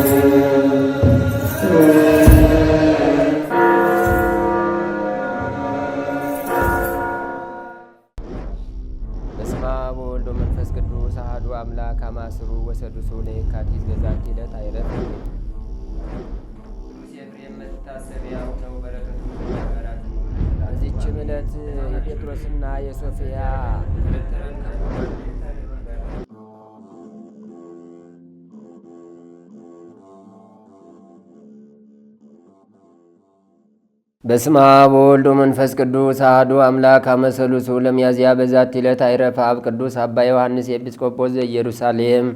Thank you. በስማ በወልድ መንፈስ ቅዱስ አህዱ አምላክ አመሰሉ ስዑለ ለሚያዝያ በዛት ዕለት አይረፈ አብ ቅዱስ አባ ዮሐንስ ኤጲስቆጶስ ዘኢየሩሳሌም።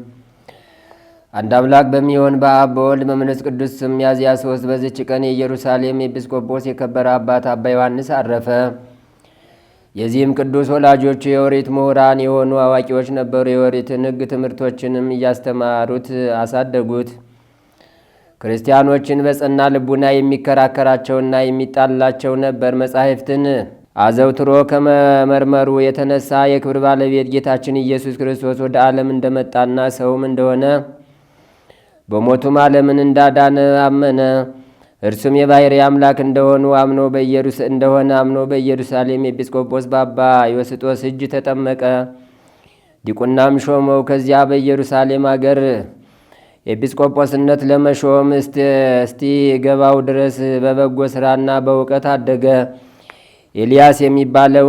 አንድ አምላክ በሚሆን በአብ በወልድ በመንፈስ ቅዱስ ስም ሚያዝያ ሶስት በዚች ቀን የኢየሩሳሌም ኤጲስቆጶስ የከበረ አባት አባ ዮሐንስ አረፈ። የዚህም ቅዱስ ወላጆቹ የወሬት ምሁራን የሆኑ አዋቂዎች ነበሩ። የወሬትን ሕግ ትምህርቶችንም እያስተማሩት አሳደጉት። ክርስቲያኖችን በጸና ልቡና የሚከራከራቸውና የሚጣላቸው ነበር። መጻሕፍትን አዘውትሮ ከመመርመሩ የተነሳ የክብር ባለቤት ጌታችን ኢየሱስ ክርስቶስ ወደ ዓለም እንደመጣና ሰውም እንደሆነ በሞቱም ዓለምን እንዳዳነ አመነ። እርሱም የባሕርይ አምላክ እንደሆኑ አምኖ እንደሆነ አምኖ በኢየሩሳሌም ኤጲስቆጶስ በአባ ዮስጦስ እጅ ተጠመቀ። ዲቁናም ሾመው። ከዚያ በኢየሩሳሌም አገር ኤጲስቆጶስነት ለመሾም እስቲ ገባው ድረስ በበጎ ሥራና በእውቀት አደገ። ኤልያስ የሚባለው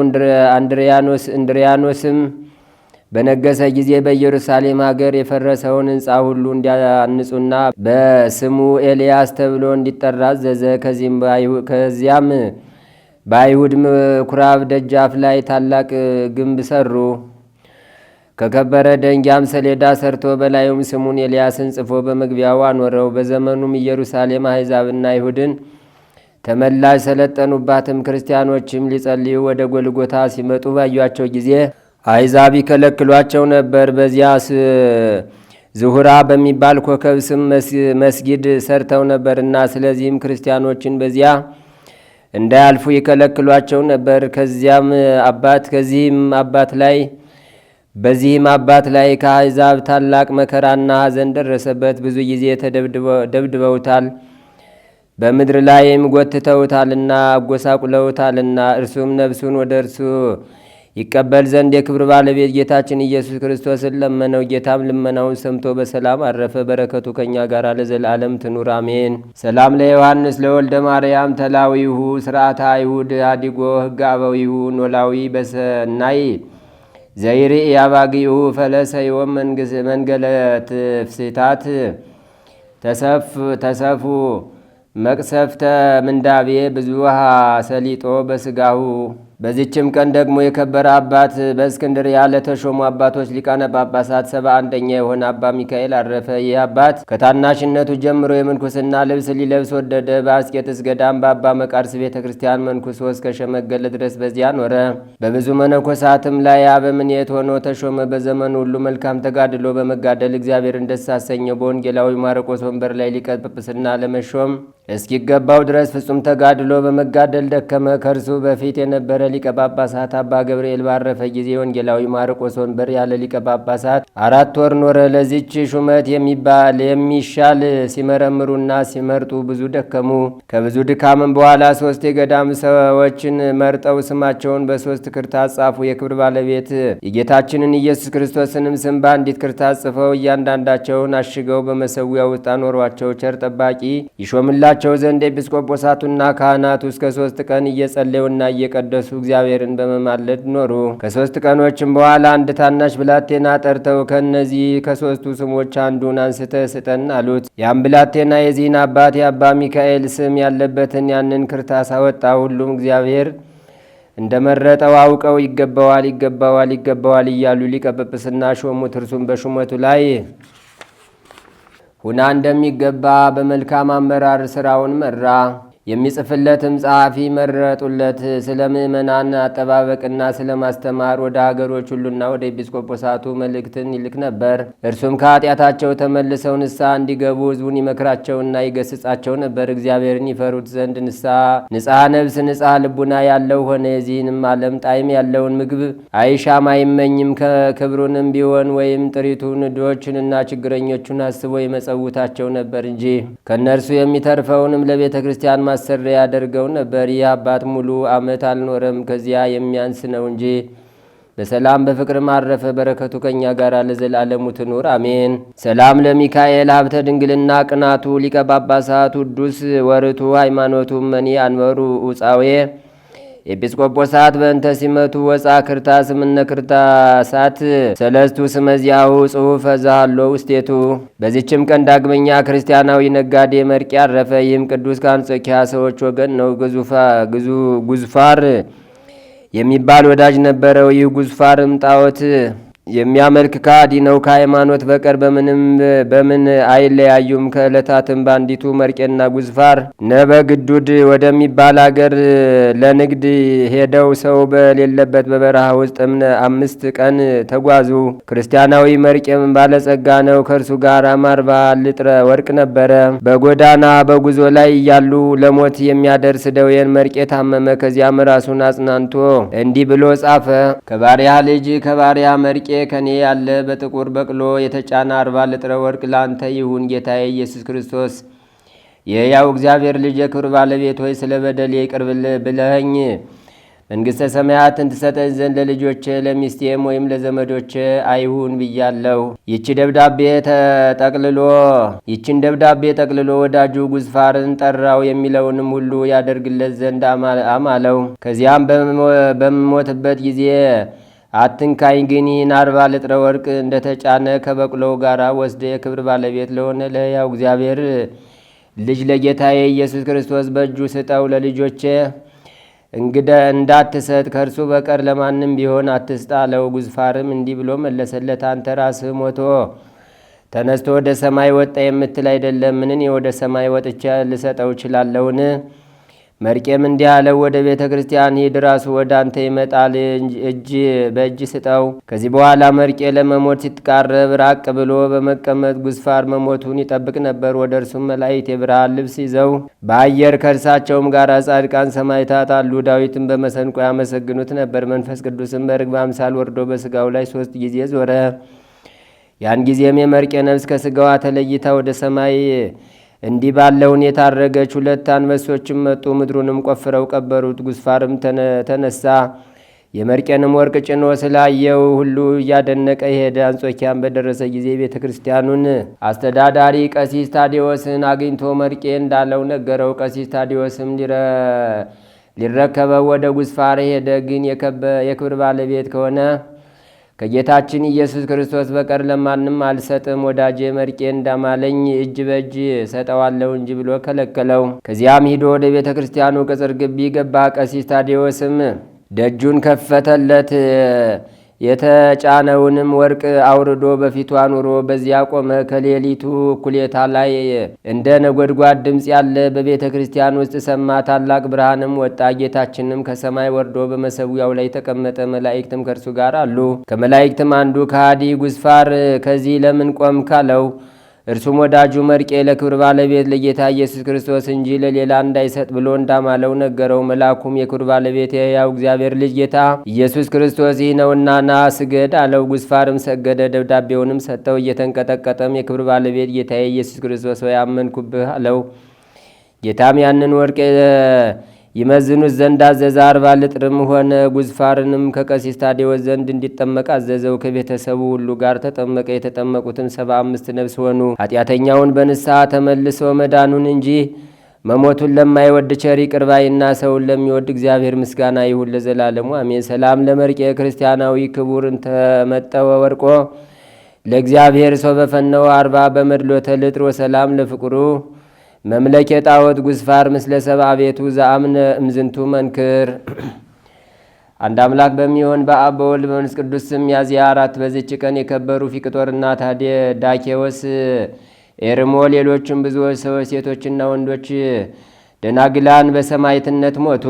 እንድሪያኖስም በነገሰ ጊዜ በኢየሩሳሌም ሀገር የፈረሰውን ሕንፃ ሁሉ እንዲያንጹና በስሙ ኤልያስ ተብሎ እንዲጠራ አዘዘ። ከዚያም በአይሁድ ምኩራብ ደጃፍ ላይ ታላቅ ግንብ ሰሩ። ከከበረ ደንጊያም ሰሌዳ ሰርቶ በላዩም ስሙን ኤልያስን ጽፎ በመግቢያው አኖረው። በዘመኑም ኢየሩሳሌም አሕዛብና አይሁድን ተመላሽ ሰለጠኑባትም። ክርስቲያኖችም ሊጸልዩ ወደ ጎልጎታ ሲመጡ ባዩአቸው ጊዜ አሕዛብ ይከለክሏቸው ነበር። በዚያ ዝሁራ በሚባል ኮከብ ስም መስጊድ ሰርተው ነበርና፣ ስለዚህም ክርስቲያኖችን በዚያ እንዳያልፉ ይከለክሏቸው ነበር። ከዚያም አባት ከዚህም አባት ላይ በዚህም አባት ላይ ከአሕዛብ ታላቅ መከራና ሐዘን ደረሰበት። ብዙ ጊዜ ተደብድበውታል፣ በምድር ላይም ጎትተውታልና አጎሳቁለውታልና እርሱም ነፍሱን ወደ እርሱ ይቀበል ዘንድ የክብር ባለቤት ጌታችን ኢየሱስ ክርስቶስን ለመነው። ጌታም ልመናውን ሰምቶ በሰላም አረፈ። በረከቱ ከእኛ ጋር ለዘላለም ትኑር አሜን። ሰላም ለዮሐንስ ለወልደ ማርያም ተላዊሁ ስርዓተ አይሁድ አዲጎ ህግ አበዊሁ ኖላዊ በሰናይ ዘይሪ አባጊኡ ፈለሰ ዮም መንገለ ትፍሲታት ተሰፉ መቅሰፍተ ምንዳቤ ብዙሃ ሰሊጦ በስጋሁ በዚችም ቀን ደግሞ የከበረ አባት ያለ ተሾሙ አባቶች ሊቃነ ጳጳሳት ሰባ አንደኛ የሆነ አባ ሚካኤል አረፈ። ይህ አባት ከታናሽነቱ ጀምሮ የምንኩስና ልብስ ሊለብስ ወደደ። በአስቄጥስ ገዳም በአባ መቃርስ ቤተ ክርስቲያን መንኩሶ እስከሸመገለ ድረስ በዚያ ኖረ። በብዙ መነኮሳትም ላይ አበምኔት ሆኖ ተሾመ። በዘመኑ ሁሉ መልካም ተጋድሎ በመጋደል እግዚአብሔርን ደስ አሰኘው። በወንጌላዊ ማርቆስ ወንበር ላይ ሊቀ ጵጵስና ለመሾም እስኪገባው ድረስ ፍጹም ተጋድሎ በመጋደል ደከመ። ከእርሱ በፊት የነበረ ሊቀ ጳጳሳት አባ ገብርኤል ባረፈ ጊዜ ወንጌላዊ ማርቆስ ወንበር ያለ ሊቀ ጳጳሳት አራት ወር ኖረ። ለዚች ሹመት የሚባል የሚሻል ሲመረምሩና ሲመርጡ ብዙ ደከሙ። ከብዙ ድካምን በኋላ ሶስት የገዳም ሰዎችን መርጠው ስማቸውን በሶስት ክርታ ጻፉ። የክብር ባለቤት የጌታችንን ኢየሱስ ክርስቶስንም ስም በአንዲት ክርታ ጽፈው እያንዳንዳቸውን አሽገው በመሰዊያ ውስጥ አኖሯቸው። ቸር ጠባቂ ይሾምላቸው ዘንድ ኤጲስቆጶሳቱና ካህናቱ እስከ ሶስት ቀን እየጸለዩና እየቀደሱ እግዚአብሔርን በመማለድ ኖሩ። ከሶስት ቀኖችም በኋላ አንድ ታናሽ ብላቴና ጠርተው ከእነዚህ ከሶስቱ ስሞች አንዱን አንስተህ ስጠን አሉት። ያም ብላቴና የዚህን አባት የአባ ሚካኤል ስም ያለበትን ያንን ክርታስ አወጣ። ሁሉም እግዚአብሔር እንደ መረጠው አውቀው ይገባዋል፣ ይገባዋል፣ ይገባዋል እያሉ ሊቀ ጵጵስና ሾሙት። እርሱም በሹመቱ ላይ ሁና እንደሚገባ በመልካም አመራር ስራውን መራ። የሚጽፍለትም ጸሐፊ መረጡለት። ስለ ምእመናን አጠባበቅና ስለ ማስተማር ወደ አገሮች ሁሉና ወደ ኤጲስቆጶሳቱ መልእክትን ይልክ ነበር። እርሱም ከኃጢአታቸው ተመልሰው ንስሐ እንዲገቡ ሕዝቡን ይመክራቸውና ይገስጻቸው ነበር። እግዚአብሔርን ይፈሩት ዘንድ ንስሐ ንጽሐ ነብስ ንጽሐ ልቡና ያለው ሆነ። የዚህንም ዓለም ጣዕም ያለውን ምግብ አይሻም አይመኝም። ከክብሩንም ቢሆን ወይም ጥሪቱን ድሆችንና ችግረኞቹን አስቦ ይመጸውታቸው ነበር እንጂ ከእነርሱ የሚተርፈውንም ለቤተ ክርስቲያን ማሰሪያ ያደርገው ነበር። ይህ አባት ሙሉ ዓመት አልኖረም፣ ከዚያ የሚያንስ ነው እንጂ በሰላም በፍቅር ማረፈ። በረከቱ ከእኛ ጋር ለዘላለሙ ትኑር አሜን። ሰላም ለሚካኤል ሀብተ ድንግልና ቅናቱ ሊቀ ጳጳሳት ውዱስ ወርቱ ሃይማኖቱ መኒ አንበሩ ውፃዌ ኤጲስቆጶሳት በእንተ ሲመቱ ወፃ ክርታ ስምነ ክርታ ሳት ሰለስቱ ስመዚያው ጽሑፍ ዛሃሎ ውስቴቱ። በዚችም ቀን ዳግመኛ ክርስቲያናዊ ነጋዴ መርቅ አረፈ። ይህም ቅዱስ ከአንጾኪያ ሰዎች ወገን ነው። ጉዙፋር የሚባል ወዳጅ ነበረው። ይህ ጉዙፋርም ጣዖት የሚያመልክ ከሃዲ ነው። ከሃይማኖት በቀር በምንም በምን አይለያዩም። ከእለታትም በአንዲቱ መርቄና ጉዝፋር ነበግዱድ ወደሚባል አገር ለንግድ ሄደው ሰው በሌለበት በበረሃ ውስጥ አምስት ቀን ተጓዙ። ክርስቲያናዊ መርቄም ባለጸጋ ነው። ከእርሱ ጋር አማርባ ልጥረ ወርቅ ነበረ። በጎዳና በጉዞ ላይ እያሉ ለሞት የሚያደርስ ደዌን መርቄ ታመመ። ከዚያም ራሱን አጽናንቶ እንዲህ ብሎ ጻፈ። ከባሪያ ልጅ ከባሪያ መርቄ ከኔ ያለ በጥቁር በቅሎ የተጫነ አርባ ልጥረ ወርቅ ላንተ ይሁን። ጌታዬ ኢየሱስ ክርስቶስ የያው እግዚአብሔር ልጅ የክብር ባለቤት ሆይ ስለ በደል ይቅር ብለኸኝ መንግሥተ ሰማያትን ትሰጠኝ ዘንድ ለልጆች ለሚስቴም ወይም ለዘመዶች አይሁን ብያለሁ። ይቺ ደብዳቤ ተጠቅልሎ ይቺን ደብዳቤ ጠቅልሎ ወዳጁ ጉዝፋርን ጠራው፣ የሚለውንም ሁሉ ያደርግለት ዘንድ አማለው። ከዚያም በምሞትበት ጊዜ አትንካኝ ግን ይህን አርባ ልጥረ ወርቅ እንደተጫነ ከበቅሎው ጋር ወስደ የክብር ባለቤት ለሆነ ለሕያው እግዚአብሔር ልጅ ለጌታዬ ኢየሱስ ክርስቶስ በእጁ ስጠው። ለልጆቼ እንግደ እንዳትሰጥ ከእርሱ በቀር ለማንም ቢሆን አትስጣ አለው። ጉዝፋርም እንዲህ ብሎ መለሰለት፣ አንተ ራስህ ሞቶ ተነስቶ ወደ ሰማይ ወጣ የምትል አይደለም። ምንን ወደ ሰማይ ወጥቼ ልሰጠው እችላለሁን? መርቄም እንዲህ አለው፣ ወደ ቤተ ክርስቲያን ሂድ፣ ራሱ ወደ አንተ ይመጣል፣ እጅ በእጅ ስጠው። ከዚህ በኋላ መርቄ ለመሞት ሲትቃረብ ራቅ ብሎ በመቀመጥ ጉስፋር መሞቱን ይጠብቅ ነበር። ወደ እርሱም መላእክት የብርሃን ልብስ ይዘው በአየር ከእርሳቸውም ጋር ጻድቃን ሰማዕታት አሉ። ዳዊትን በመሰንቆ ያመሰግኑት ነበር። መንፈስ ቅዱስም በርግብ አምሳል ወርዶ በስጋው ላይ ሶስት ጊዜ ዞረ። ያን ጊዜም የመርቄ ነፍስ ከስጋዋ ተለይታ ወደ ሰማይ እንዲህ ባለ ሁኔታ አረገች። ሁለት አንበሶችም መጡ፣ ምድሩንም ቆፍረው ቀበሩት። ጉስፋርም ተነሳ፣ የመርቄንም ወርቅ ጭኖ ስላየው ሁሉ እያደነቀ የሄደ። አንጾኪያን በደረሰ ጊዜ ቤተ ክርስቲያኑን አስተዳዳሪ ቀሲስ ታዲዎስን አግኝቶ መርቄ እንዳለው ነገረው። ቀሲስ ታዲዎስም ሊረከበው ወደ ጉስፋር ሄደ። ግን የክብር ባለቤት ከሆነ ከጌታችን ኢየሱስ ክርስቶስ በቀር ለማንም አልሰጥም፣ ወዳጄ መርቄ እንዳማለኝ እጅ በእጅ ሰጠዋለሁ እንጂ ብሎ ከለከለው። ከዚያም ሂዶ ወደ ቤተ ክርስቲያኑ ቅጽር ግቢ ገባ። ቀሲስ ታዴዎስም ደጁን ከፈተለት። የተጫነውንም ወርቅ አውርዶ በፊቱ አኑሮ በዚያ ቆመ። ከሌሊቱ እኩሌታ ላይ እንደ ነጎድጓድ ድምፅ ያለ በቤተ ክርስቲያን ውስጥ ሰማ። ታላቅ ብርሃንም ወጣ። ጌታችንም ከሰማይ ወርዶ በመሰዊያው ላይ ተቀመጠ። መላእክትም ከእርሱ ጋር አሉ። ከመላእክትም አንዱ ከሃዲ ጉስፋር ከዚህ ለምን ቆምክ አለው። እርሱም ወዳጁ መርቄ ለክብር ባለቤት ለጌታ ኢየሱስ ክርስቶስ እንጂ ለሌላ እንዳይሰጥ ብሎ እንዳማለው ነገረው። መልአኩም የክብር ባለቤት የሕያው እግዚአብሔር ልጅ ጌታ ኢየሱስ ክርስቶስ ይህ ነውና ና ስገድ አለው። ጉስፋርም ሰገደ፣ ደብዳቤውንም ሰጠው። እየተንቀጠቀጠም የክብር ባለቤት ጌታዬ ኢየሱስ ክርስቶስ ወይ አመንኩብህ አለው። ጌታም ያንን ወርቅ ይመዝኑት ዘንድ አዘዘ። አርባ ልጥርም ሆነ። ጉዝፋርንም ከቀሲስ ታዴዎስ ዘንድ እንዲጠመቅ አዘዘው። ከቤተሰቡ ሁሉ ጋር ተጠመቀ። የተጠመቁትም ሰባ አምስት ነፍስ ሆኑ። ኃጢአተኛውን በንስሐ ተመልሰው መዳኑን እንጂ መሞቱን ለማይወድ ቸሪ ቅርባይና ሰውን ለሚወድ እግዚአብሔር ምስጋና ይሁን ለዘላለሙ አሜን። ሰላም ለመርቄ ክርስቲያናዊ ክቡር እንተመጠወ ወርቆ ለእግዚአብሔር ሰው በፈነው አርባ በመድሎተ ልጥር ሰላም ለፍቅሩ መምለኬ ጣወት ጉስፋር ምስለ ሰብአ ቤቱ ዘአምነ እምዝንቱ መንክር አንድ አምላክ በሚሆን በአብ በወልድ በመንፈስ ቅዱስ ስም ሚያዝያ አራት በዚች ቀን የከበሩ ፊቅጦርና ታዴ ዳኬዎስ፣ ኤርሞ፣ ሌሎችም ብዙዎች ሰዎች ሴቶችና ወንዶች ደናግላን በሰማይትነት ሞቱ።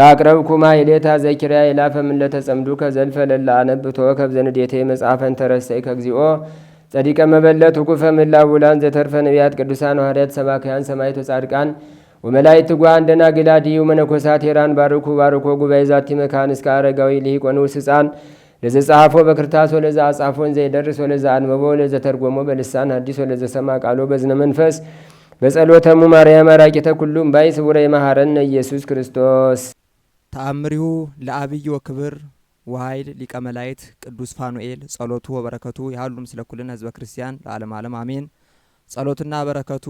ዛቅረብ ኩማ የሌታ ዘኪርያ ኢላፈ ምለተጸምዱ ከዘልፈ ለላ አነብቶ ከብዘንዴቴ መጽሐፈን ተረሰይ ከግዚኦ ጸዲቀ መበለት ውቁፈ ምህላ ውላን ዘተርፈ ነቢያት ቅዱሳን ሐዋርያት ሰባክያን ሰማዕት ወጻድቃን ወመላእክት ትጓን ደናግል አድኅዩ መነኮሳት ሄራን ባርኩ ባርኮ ጉባኤ ዛቲ መካን እስከ አረጋዊ ልሂቆን ውስ ለዘ ጸሐፎ በክርታስ ወለዘ አጻፎን ዘይደርስ ወለዘ አንበቦ ወለዘ ተርጎሞ በልሳን አዲስ ወለዘ ሰማ ቃሎ በዝነ መንፈስ በጸሎተሙ ማርያም አራቂተ ኩሉም ባይ ስቡረ የመሐረነ ኢየሱስ ክርስቶስ ተአምሪሁ ለአብይ ክብር ወኃይል ሊቀ መላእክት ቅዱስ ፋኑኤል ጸሎቱ ወበረከቱ ያሉ ምስለ ኩልነ ህዝበ ክርስቲያን ለዓለም ዓለም አሜን። ጸሎትና በረከቱ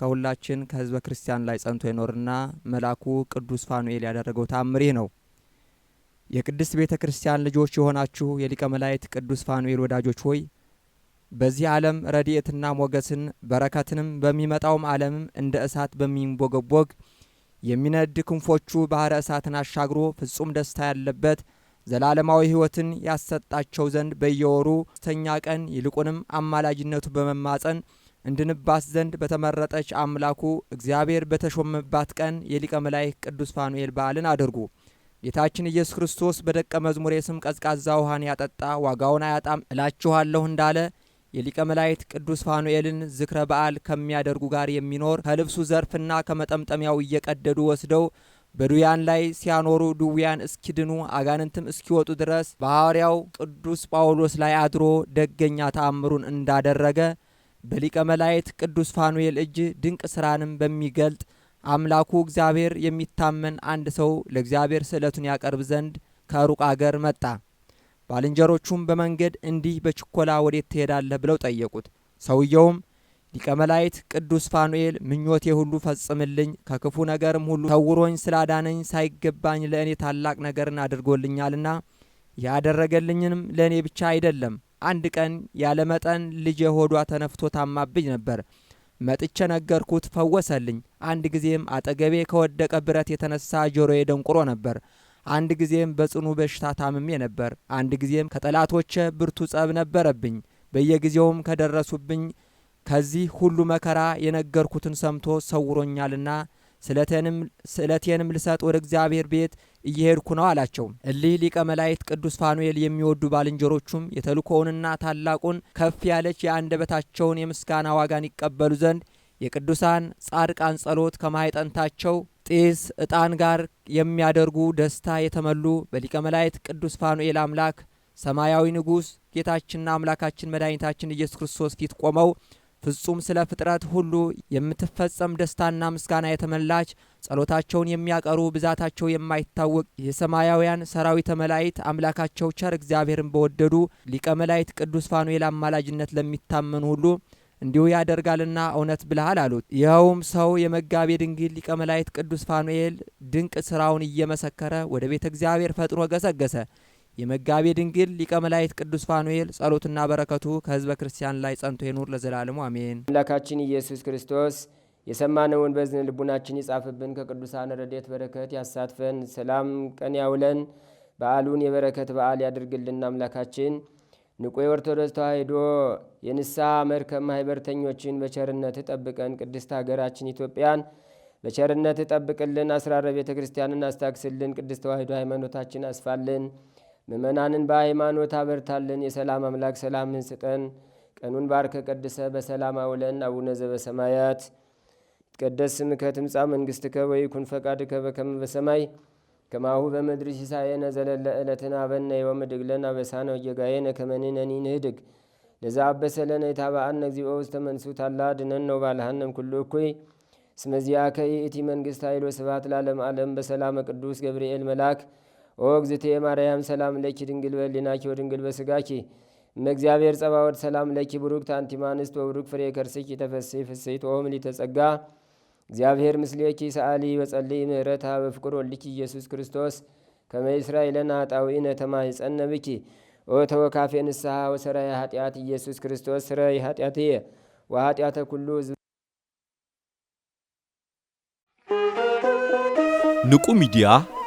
ከሁላችን ከህዝበ ክርስቲያን ላይ ጸንቶ ይኖርና መልአኩ ቅዱስ ፋኑኤል ያደረገው ታምሪ ነው። የቅድስት ቤተ ክርስቲያን ልጆች የሆናችሁ የሊቀ መላእክት ቅዱስ ፋኑኤል ወዳጆች ሆይ በዚህ ዓለም ረድኤትና ሞገስን በረከትንም በሚመጣውም ዓለምም እንደ እሳት በሚንቦገቦግ የሚነድ ክንፎቹ ባህረ እሳትን አሻግሮ ፍጹም ደስታ ያለበት ዘላለማዊ ሕይወትን ያሰጣቸው ዘንድ በየወሩ ስተኛ ቀን ይልቁንም አማላጅነቱ በመማፀን እንድንባስ ዘንድ በተመረጠች አምላኩ እግዚአብሔር በተሾመባት ቀን የሊቀ መላእክት ቅዱስ ፋኑኤል በዓልን አድርጉ። ጌታችን ኢየሱስ ክርስቶስ በደቀ መዝሙሬ ስም ቀዝቃዛ ውሃን ያጠጣ ዋጋውን አያጣም እላችኋለሁ እንዳለ የሊቀ መላእክት ቅዱስ ፋኑኤልን ዝክረ በዓል ከሚያደርጉ ጋር የሚኖር ከልብሱ ዘርፍና ከመጠምጠሚያው እየቀደዱ ወስደው በዱያን ላይ ሲያኖሩ ድውያን እስኪድኑ አጋንንትም እስኪወጡ ድረስ በሐዋርያው ቅዱስ ጳውሎስ ላይ አድሮ ደገኛ ተአምሩን እንዳደረገ በሊቀ መላእክት ቅዱስ ፋኑኤል እጅ ድንቅ ስራንም በሚገልጥ አምላኩ እግዚአብሔር የሚታመን አንድ ሰው ለእግዚአብሔር ስዕለቱን ያቀርብ ዘንድ ከሩቅ አገር መጣ። ባልንጀሮቹም በመንገድ እንዲህ በችኮላ ወዴት ትሄዳለህ ብለው ጠየቁት። ሰውየውም ሊቀ መላእክት ቅዱስ ፋኑኤል ምኞቴ ሁሉ ፈጽምልኝ፣ ከክፉ ነገርም ሁሉ ሰውሮኝ ስላዳነኝ ሳይገባኝ ለእኔ ታላቅ ነገርን አድርጎልኛልና ያደረገልኝንም ለእኔ ብቻ አይደለም። አንድ ቀን ያለ መጠን ልጄ ሆዷ ተነፍቶ ታማብኝ ነበር። መጥቼ ነገርኩት፣ ፈወሰልኝ። አንድ ጊዜም አጠገቤ ከወደቀ ብረት የተነሳ ጆሮዬ ደንቁሮ ነበር። አንድ ጊዜም በጽኑ በሽታ ታምሜ ነበር። አንድ ጊዜም ከጠላቶቼ ብርቱ ጸብ ነበረብኝ። በየጊዜውም ከደረሱብኝ ከዚህ ሁሉ መከራ የነገርኩትን ሰምቶ ሰውሮኛልና ስለቴንም ልሰጥ ወደ እግዚአብሔር ቤት እየሄድኩ ነው አላቸው። እሊህ ሊቀ መላእክት ቅዱስ ፋኑኤል የሚወዱ ባልንጀሮቹም የተልእኮውንና ታላቁን ከፍ ያለች የአንደበታቸውን የምስጋና ዋጋን ይቀበሉ ዘንድ የቅዱሳን ጻድቃን ጸሎት ከማይጠንታቸው ጢስ ዕጣን ጋር የሚያደርጉ ደስታ የተመሉ በሊቀ መላእክት ቅዱስ ፋኑኤል አምላክ ሰማያዊ ንጉሥ ጌታችንና አምላካችን መድኃኒታችን ኢየሱስ ክርስቶስ ፊት ቆመው ፍጹም ስለ ፍጥረት ሁሉ የምትፈጸም ደስታና ምስጋና የተመላች ጸሎታቸውን የሚያቀሩ ብዛታቸው የማይታወቅ የሰማያውያን ሰራዊተ መላእክት አምላካቸው ቸር እግዚአብሔርን በወደዱ ሊቀ መላእክት ቅዱስ ፋኑኤል አማላጅነት ለሚታመኑ ሁሉ እንዲሁ ያደርጋልና እውነት ብልሃል አሉት። ይኸውም ሰው የመጋቤ ድንግል ሊቀ መላእክት ቅዱስ ፋኑኤል ድንቅ ስራውን እየመሰከረ ወደ ቤተ እግዚአብሔር ፈጥኖ ገሰገሰ። የመጋቤ ድንግል ሊቀ መላእክት ቅዱስ ፋኑኤል ጸሎትና በረከቱ ከህዝበ ክርስቲያን ላይ ጸንቶ ይኑር ለዘላለሙ አሜን። አምላካችን ኢየሱስ ክርስቶስ የሰማነውን በዝን ልቡናችን ይጻፍብን፣ ከቅዱሳን ረድኤት በረከት ያሳትፈን፣ ሰላም ቀን ያውለን፣ በዓሉን የበረከት በዓል ያድርግልን። አምላካችን ንቁ የኦርቶዶክስ ተዋሕዶ የንስሐ መርከብ ማህበርተኞችን በቸርነት ጠብቀን፣ ቅድስት ሀገራችን ኢትዮጵያን በቸርነት ጠብቅልን፣ አስራረ ቤተ ክርስቲያንን አስታክስልን፣ ቅድስት ተዋሕዶ ሃይማኖታችን አስፋልን። ምእመናንን በሃይማኖት አበርታልን። የሰላም አምላክ ሰላምን ስጠን። ቀኑን ባርከ ቀድሰ በሰላም አውለን። አቡነ ዘበሰማያት ይትቀደስ ስምከ ትምጻእ መንግሥትከ ወይኩን ፈቃድከ በከመ በሰማይ ከማሁ በምድር ሲሳየነ ዘለለ ዕለትነ ሀበነ ዮም ወኅብ ኅብነ አበሳነ ወጌጋየነ ከመ ንሕነኒ ንህድግ ለዘአበሰ ለነ ኢታብአነ እግዚኦ ውስተ መንሱት አላ አድኅነነ ወባልሐነ ኩሉ እኩይ እስመ ዚአከ ይእቲ መንግስት ኃይል ወስብሐት ላለም ዓለም በሰላመ ቅዱስ ገብርኤል መልአክ ኦ እግዝእቴ ማርያም ሰላም ለኪ ድንግል በሊናኪ ወድንግል በስጋኪ መእግዚአብሔር ጸባወድ ሰላም ለኪ ብሩክ ታንቲማንስት ወብሩክ ፍሬ ከርስኪ ተፈሴ ፍሴት ኦም ሊተጸጋ እግዚአብሔር ምስሌኪ ሰአሊ በጸልይ ምህረታ በፍቅር ወልኪ ኢየሱስ ክርስቶስ ከመይስራኤለና ጣዊነ ተማይጸነ ይጸነብኪ ኦ ተወካፌ ንስሐ ወሰራይ ኃጢአት ኢየሱስ ክርስቶስ ስረይ ኃጢአትየ ወኃጢአተ ኩሉ ንቁ ሚዲያ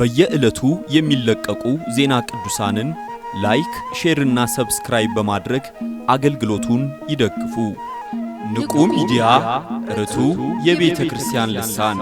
በየዕለቱ የሚለቀቁ ዜና ቅዱሳንን ላይክ፣ ሼርና ሰብስክራይብ በማድረግ አገልግሎቱን ይደግፉ። ንቁ ሚዲያ ርቱ የቤተ ክርስቲያን ልሳን